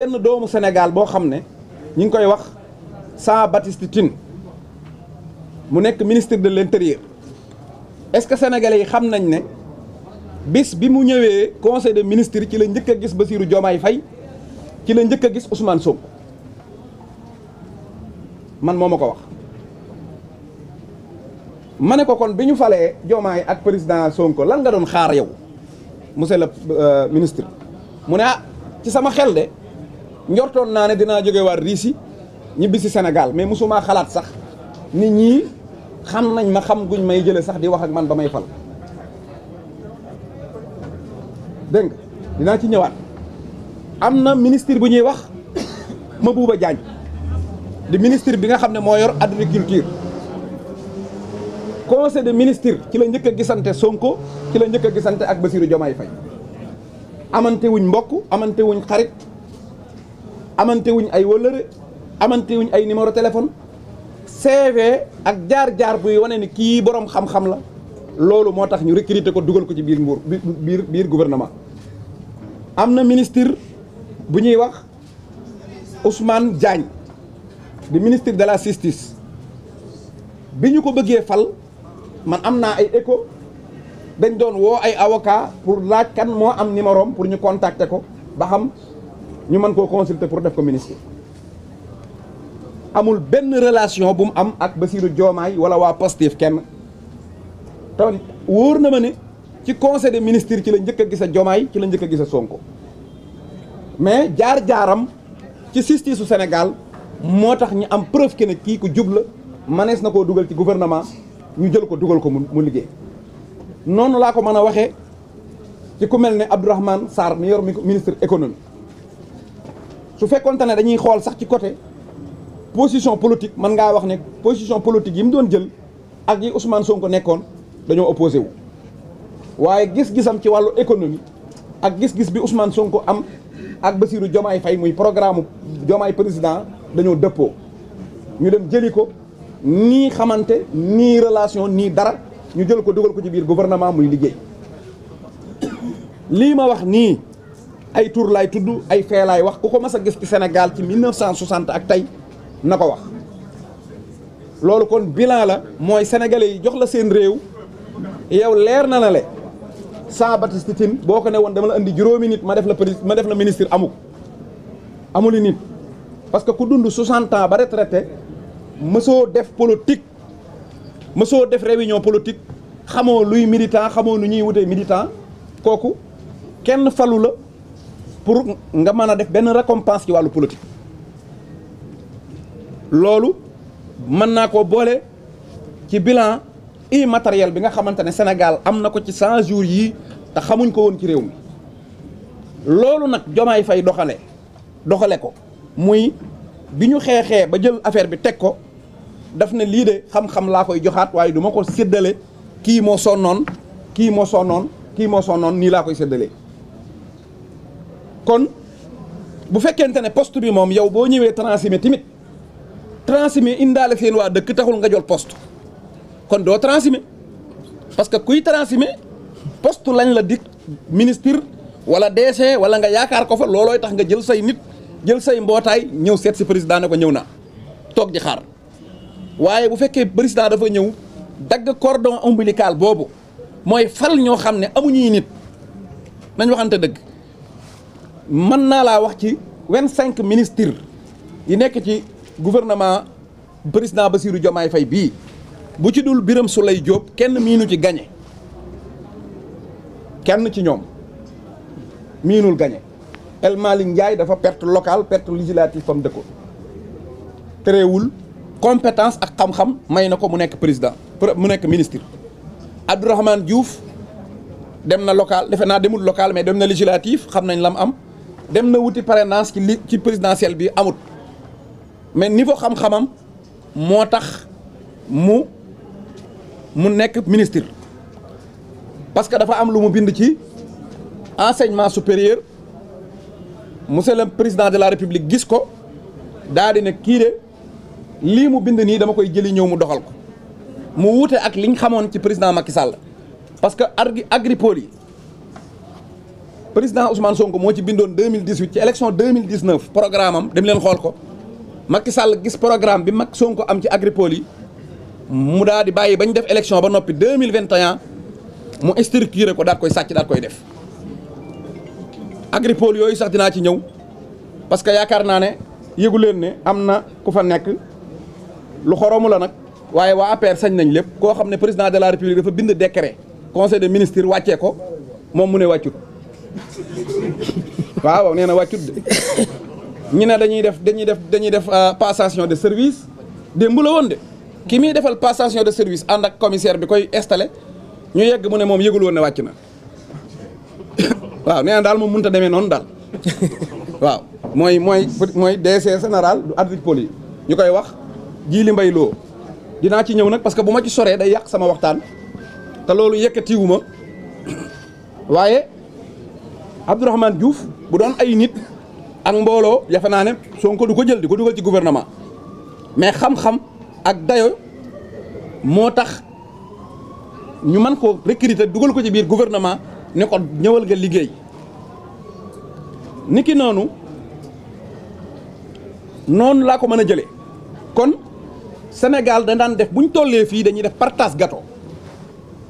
benn doomu Sénégal boo xam ne ñu ngi koy wax Jean Baptiste Tine mu nekk ministre de l'intérieur est-ce que sénégalais yi xam nañ ne bis bi mu ñëwee conseil des ministre ci la njëkka a gis Bassirou Diomaye fay ci la njëkk a gis Ousmane Sonko man moo ma ko wax. ma ne ko kon bi ñu falee Diomaye ak président Sonko lan nga doon xaar yow monsieur le euh, ministre mu ne ah ci sama xel de. njortoon naa ne dinaa jóge waar riisi ñibbi si Sénégal mais mosumaa xalaat sax nit ñi xam nañ ma xam guñ may jële sax di wax ak man ba may fal dégg nga dinaa ci ñëwaat am na ministre bu ñuy wax ma Mabouba Diagne di ministre bi nga xam ne moo yor agriculture conseil des ministres ci la njëkk a gisante Sonko ci la njëkk a gisante ak Bassirou Diomaye Faye amante wuñ mbokk amantewuñ xarit amante ay wëllëre amante wuñ ay numéro téléphone CV ak jaar-jaar buy wane ni kii borom xam-xam la loolu moo tax ñu recruter ko dugal ko ci biir nguur biir biir gouvernement. am na ministre bu ñuy wax Ousmane jaañ di ministre de la justice bi ñu ko bëggee fal man am naa ay éco dañ doon woo ay avocat pour laaj kan moo am numéro am pour ñu contacter ko ba xam. ñu mën koo consulter pour def ko ministre amul benn relation bu mu am ak Bassirou joomaay wala waa Pastef kenn te wóor na ma ne ci conseil des ministres ci la njëkk a gis a Diomaye ci la njëkk a gis a Sonko mais jaar-jaaram ci justice su Sénégal moo tax ñu am preuve que ne kii ku jubla la manees na koo dugal ci gouvernement ñu jël ko dugal ko mu liggéey noonu laa ko mën a waxee ci ku mel ni ne saar Sarr mi yor ministre économie su fekkoonte ne dañuy xool sax ci côté position politique man ngaa wax ne position politique yi mu doon jël ak yi Ousmane ko nekkoon dañoo opposé wu waaye gis-gisam ci wàllu économie ak gis-gis bi Ousmane Sonko am ak Bassirou Diomaye fay muy programme Diomaye président dañoo dëppoo ñu dem jëli ko nii xamante nii relation nii dara ñu jël ko dugal ko ci biir gouvernement muy liggéey lii ma wax nii ay tur laay tudd ay fee wax ku ko mas a gis ci Sénégal ci 1960 ak tey na ko wax loolu kon bilan la mooy sénégalais yi jox la seen réew yow leer na la le Jean Baptiste Tine boo ko ne woon dama la indi juróomi nit ma def la ma def la ministre amuk amuli nit parce que ku dund 60 ans ba retraité mësoo def politique mësoo def réunion politique xamoo luy militant xamoo nu ñuy wutee militant kooku kenn falu la pour nga mën a def benn récompense ci wàllu politique loolu mën naa koo boole ci bilan immatériel bi nga xamante ne Sénégal am na ko ci 100 jours yii te xamuñ ko woon ci réew mi loolu nag Jomaay Fay doxale doxale ko muy bi ñu xeexee ba jël affaire bi teg ko daf ne lii de xam-xam laa koy joxaat waaye duma ko séddale kii moo noon kii moo noon kii moo sonnoon nii laa koy séddalee kon bu fekkente ne poste bi moom yow boo ñëwee transhumé tamit transhumé indaale seen waa dëkk taxul nga jol poste kon doo transhumé parce que kuy transhumé poste lañ la dikk ministre wala DG wala nga yaakaar ko fa loolooy tax nga jël say nit jël say mbootaay ñëw seet si président ne ko ñëw na toog di xaar waaye bu fekkee président dafa ñëw dagg cordon ombilical boobu mooy fal ñoo xam ne amuñuy nit nañ waxante dëgg mën naa laa wax ci vingt cinq ministres yi nekk ci gouvernement président Bassirou Diomaye fay bii bu ci dul biram sulay Diop kenn miinu ci gañe kenn ci ñoom miinul gañe El Malick Ndiaye dafa perte locale perte législative fam dëkkoon terewul compétence ak xam-xam may na ko mu nekk président mu nekk ministre Abdourahmane Diouf dem na local defe naa demul local mais dem na législatif xam nañ lam am dem na wuti parrainage ci li ci présidentielle bi amut mais niveau xam-xamam moo tax mu mu nekk ministre parce que dafa am lu mu bind ci enseignement supérieur monsieur le président de la république gis ko daa di ne kii de lii mu bind nii dama koy jëli ñëw mu doxal ko mu wuute ak liñ xamoon ci président Macky Sall parce que agri Agripol yi président Ousmane Sonko moo ci bindoon 2018 ci élection 2019 programme am dem leen xool ko Macky sàll gis programme bi Macky Sonko am ci Agripol yi mu daal di bàyyi bañ def élection ba noppi 2021 mu structuré ko daat koy sàcc daat koy def Agripol yooyu sax dinaa ci ñëw parce que yaakaar naa ne yëgu leen ne am na ku fa nekk lu xoromu la nag waaye waa APR sañ nañ lépp koo xam ne président de la république dafa bind décret conseil de ministres wàccee ko moom mu ne wàccut waaw nee na wàccut de ñu ne dañuy def dañuy def dañuy def euh, passation de service démb la woon de kii muy defal passation de service ànd ak commissaire bi koy installé ñu yegg mu ne moom yëgul woon ne wàcc na waaw nee daal moom munta a demee noonu daal waaw mooy mooy mooy DC général du adrit poli ñu koy wax ji li mbay loo dinaa ci ñëw nag parce que bu ma ci soree day yàq sama waxtaan te loolu yëkkatiwuma waaye Abdourahmane Diouf bu doon ay nit ak mbooloo yafe naa ne Sonko du ko jël di ko dugal ci gouvernement mais xam-xam ak dayo moo tax ñu mën ko recruter dugal ko ci biir gouvernement ne ko ñëwal nga liggéey niki noonu noonu laa ko mën a jëlee kon senegal dañ daan def bu ñu tollee fii dañuy def partage gato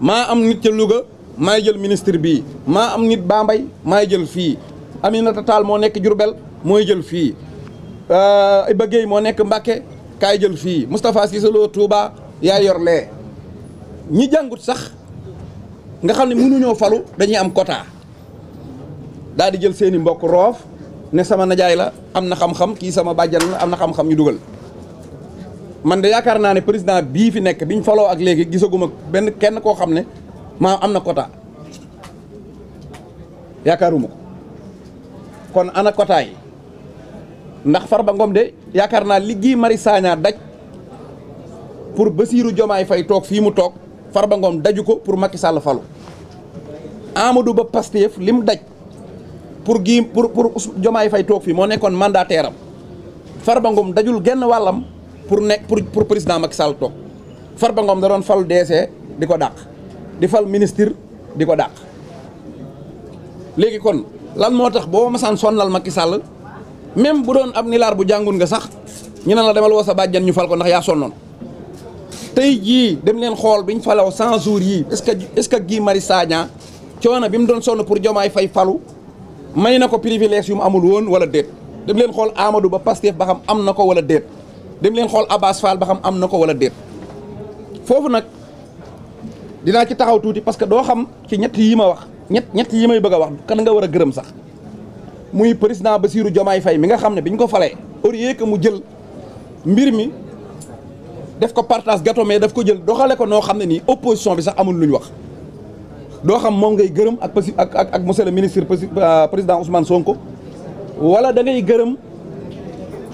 maa am nit ca Louga. maay jël ministre bi maa am nit Bambey maay jël fii Aminata Tall moo nekk Diourbel mooy jël fii euh, Iba Guèye moo nekk Mbacké kaay jël fii Moustapha Cissé Lo Touba yaa yor lee ñi jàngut sax nga xam ne mu mënuñoo falu dañuy am quota daal di jël seeni mbokk roof ne sama najaay la am na xam-xam kii sama bàjjan la am na xam-xam ñu dugal man de yaakaar naa ne président bii fi nekk biñ faloo ak léegi gisaguma benn kenn koo xam ne maam am na quota yaakaaruma ko kon ana quota yi ndax Farba Ngom de yaakaar naa li Guy Marius Sagna daj pour Bassirou jomaay fay toog fii mu toog Farba Ngom daju ko pour Macky Sall falu Amadou Ba Pastef lim daj pour gii pour pour Diomaye Faye toog fii moo nekkoon mandataire am Farba dajul genn wàllam pour nekk pour pour président Macky Sall toog Farba Ngom da doon falu DC di ko dàq. di fal ministre di ko dàq léegi kon lan moo tax boo masaan sonnal Macky Sall même bu doon ab nilaar bu jàngun nga sax ñu ne la demal woo sa bàjjan ñu fal ko ndax yaa sonnoon tey jii dem leen xool ñu falaw 100 jours yii est-ce que est-ce que Guy Marius Sagna coono bi mu doon sonn pour Diomaye fay falu may na ko privilège yu mu amul woon wala déet dem leen xool Amadou Ba Pastef ba xam am na ko wala déet dem leen xool Abass Fall ba xam am na ko wala déet foofu dinaa ci taxaw tuuti parce que doo xam ci ñett yi ma wax ñett ñett yi may bëgg a wax kan nga war a gërëm sax muy président Bassirou Diomaye fay mi nga xam ne bi ñu ko falee au lieu que mu jël mbir mi def ko partage gato mais daf ko jël doxale ko noo xam ne nii opposition bi sax amul lu wax doo xam moom ngay gërëm ak ak ak monsieur le ministre euh, président Ousmane Sonko wala da gërëm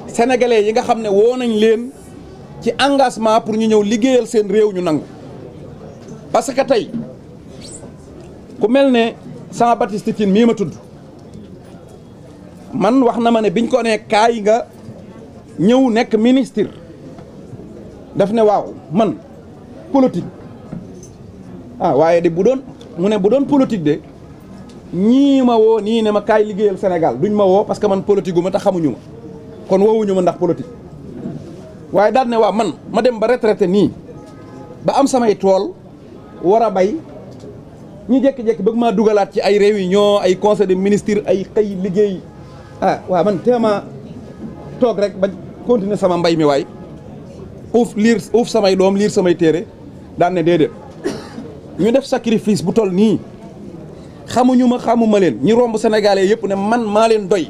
sénégalais yi nga xam ne woo nañ leen ci engagement pour ñu ñëw liggéeyal seen réew ñu nangu parce que tey ku mel ne Jean Baptiste Tine mii ma tudd man wax na ma ne biñ ko ne kaay nga ñëw nekk ministre daf ne waaw man politique ah waaye de bu doon mu ne bu doon politique de ñii ma woo nii ne ma kaay liggéeyal Sénégal duñ ma woo parce que man politique gu ma tax xamuñu ma kon woowuñu ma ndax politique waaye daal ne waaw man ma dem ba retraité nii ba am samay tool war a bay ñu jékki-jékki bëgg maa dugalaat ci ay réunion ay conseil de ministre ay xëy liggéey ah waaw man téema toog rek ba continuer sama mbay mi waay uuf liir uuf samay doom liir samay téere daane ne déedéet ñu def sacrifice bu toll nii xamuñu ma xamuma leen ñi romb sénégalais yëpp ne man maa leen doy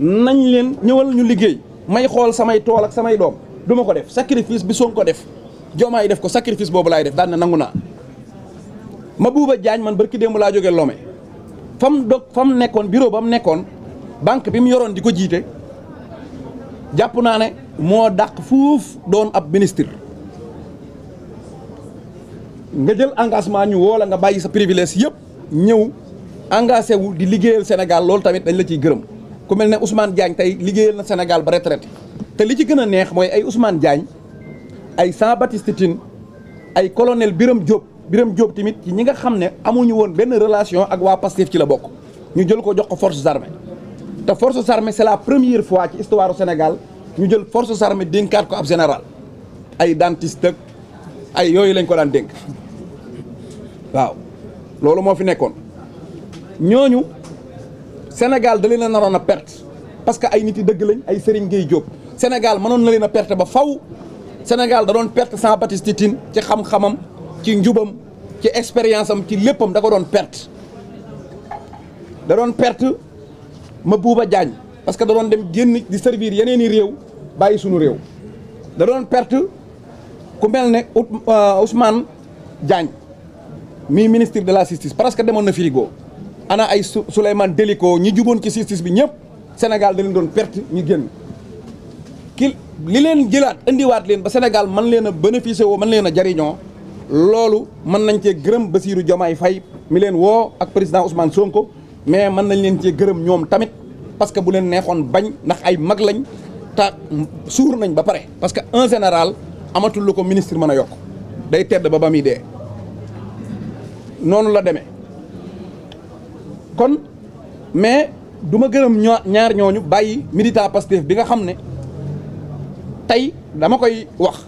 nañ leen ñëwal ñu liggéey may xool samay tool ak samay doom duma ko def sacrifice bi soon ko def jomaa yi def ko sacrifice boobu laay def daan na nangu naa Mabouba jaañ man barki démb laa jóge lome fa mu dog fa mu nekkoon bureau ba mu nekkoon banque bi mu yoroon di ko jiite jàpp naa ne moo dàq fuuf doon ab ministre nga jël engagement ñu woola la nga bàyyi sa privilège yëpp ñëw engagé wu di liggéeyal Sénégal loolu tamit dañ la ciy gërëm ku ne Ousmane Diagne tey liggéeyal na Sénégal ba retraité te li ci gën a neex mooy ay Ousmane Diagne ay Jean Baptiste Tine ay colonel biram jóob Birame Diop tamit ci ñi nga xam ne amuñu woon benn relation ak waa Pastef ci la bokk ñu jël ko jox ko forces armées te forces armées c'est la première fois ci histoire du Sénégal ñu jël forces armées dénkaat ko ab général ay dentiste ak ay yooyu lañ ko daan dénk waaw loolu moo fi nekkoon ñooñu Sénégal dalee na naroon a perte parce que ay nit yi dëgg lañ ay Serigne Gueye Diop Sénégal mënoon na leen a perte ba faw Sénégal da doon perte sans Baptiste Tine ci xam-xamam ci njubam ci expérience am ci léppam da ko doon perte da doon perte Mabouba Diagne parce que da doon dem génn di servir yeneen i réew bàyyi sunu réew da doon perte ku mel ne euh, Ousmane Diagne mi ministre de la justice parce que demoon na frigo ana ay Souleymane Deliko ñi juboon ci justice bi ñëpp Sénégal da leen doon perte ñu génn li leen jëlaat indiwaat leen ba Sénégal man leen a bénéficier woo mën leen a jariñoo loolu mën nañ cee gërëm Bassirou Diomaye fay mi leen woo ak président Ousmane Sonko mais mën nañ leen cee gërëm ñoom tamit parce que bu leen neexoon bañ ndax ay mag lañ ta suur nañ ba pare parce que en général amatul lu ko ministre mën a yokk day tedd ba ba muy dee noonu la demee kon mais du ma gërëm ñaar ñooñu bàyyi militant Pastef bi nga xam ne tey dama koy wax